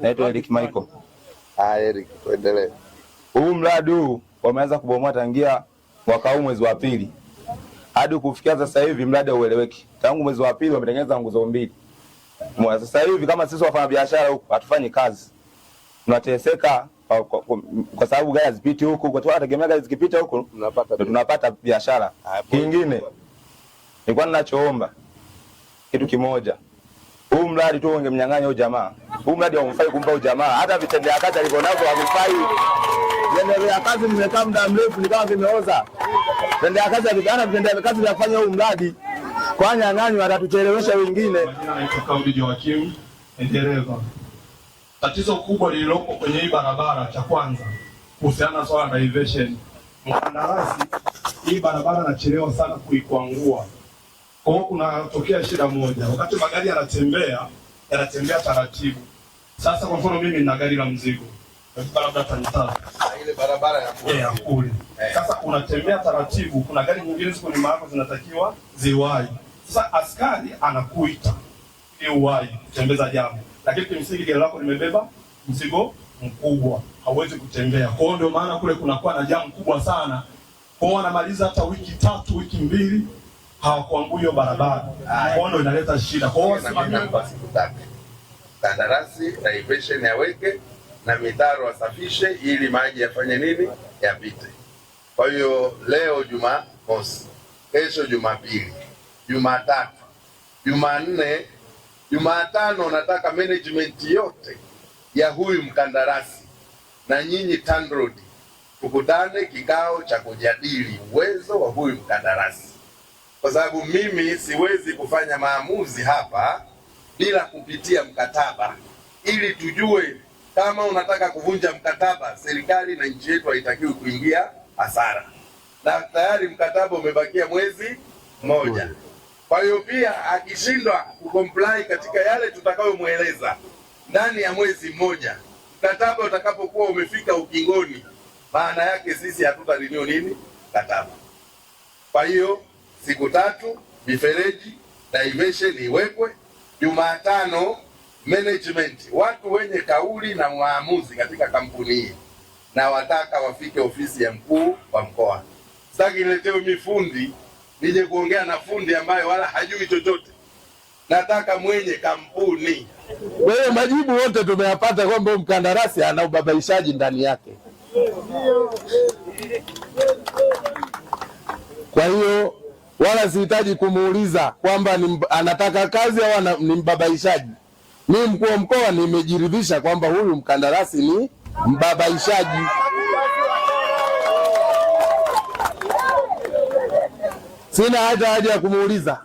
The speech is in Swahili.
Naitwa Eric Michael. Ah, Eric, tuendelee. Huu mradi huu wameanza kubomoa tangia mwaka huu mwezi wa pili hadi kufikia sasa hivi mradi haueleweki. Tangu mwezi wa pili wametengeneza nguzo mbili. Mwa sasa hivi kama sisi wafanyabiashara huku hatufanyi kazi. Tunateseka kwa, kwa, kwa, kwa sababu gari hazipiti huku, kwa sababu tunategemea gari zikipita huku tunapata tunapata biashara. Kingine nilikuwa ninachoomba kitu kimoja. Huu mradi tu ungemnyang'anya huyu jamaa. Huu mradi haumfai kumpa huyu jamaa. Hata vitendea kazi alivyo navyo havifai. Vitendea kazi vimekaa muda mrefu ni kama vimeoza. Vitendea kazi ya vitendea kazi vya kufanya huu mradi. Kwa nyang'anyo watatuchelewesha wengine. Kaudi Joachim, dereva. Tatizo kubwa lililopo kwenye hii barabara, cha kwanza kuhusiana swala la diversion. Mkandarasi, hii barabara anachelewa sana kuikwangua kwa hiyo kunatokea shida moja, wakati magari yanatembea yanatembea taratibu. Sasa kwa mfano mimi nina gari la mzigo labda tani ah, ile barabara ya kule yeah, yeah. Eh. Sasa unatembea taratibu, kuna gari nyingine ziko nyuma yako zinatakiwa ziwai. Sasa askari anakuita ili uwai kutembeza jambo, lakini kimsingi gari lako limebeba mzigo mkubwa, hauwezi kutembea. Kwa hiyo ndio maana kule kunakuwa na jamu kubwa sana, kwa hiyo wanamaliza hata wiki tatu wiki mbili hawakuangua hiyo barabara, mm. ah, kwao inaleta shida. Kwa hiyo kandarasi diversion yaweke na mitaro wasafishe, ili maji yafanye nini, yapite. Kwa hiyo leo Jumamosi, kesho Jumapili, Jumatatu, Jumanne, Jumatano nataka management yote ya huyu mkandarasi na nyinyi TANROADS tukutane kikao cha kujadili uwezo wa huyu mkandarasi kwa sababu mimi siwezi kufanya maamuzi hapa bila kupitia mkataba, ili tujue kama unataka kuvunja mkataba, serikali na nchi yetu haitakiwi kuingia hasara, na tayari mkataba umebakia mwezi mmoja. Kwa hiyo pia akishindwa kucomply katika yale tutakayomweleza ndani ya mwezi mmoja, mkataba utakapokuwa umefika ukingoni, maana yake sisi hatutalinio nini mkataba. Kwa hiyo siku tatu mifereji diversion iwekwe. Jumatano management, watu wenye kauli na maamuzi katika kampuni hii na wataka wafike ofisi ya mkuu wa mkoa. Sitaki niletewe mifundi nije kuongea na fundi ambaye wala hajui chochote. Nataka mwenye kampuni. Kwa hiyo majibu wote tumeyapata kwamba mkandarasi ana ubabaishaji ndani yake. Kwa hiyo wala sihitaji kumuuliza kwamba anataka kazi au ni mbabaishaji. Mimi mkuu wa mkoa nimejiridhisha kwamba huyu mkandarasi ni mbabaishaji. Sina hata haja ya kumuuliza.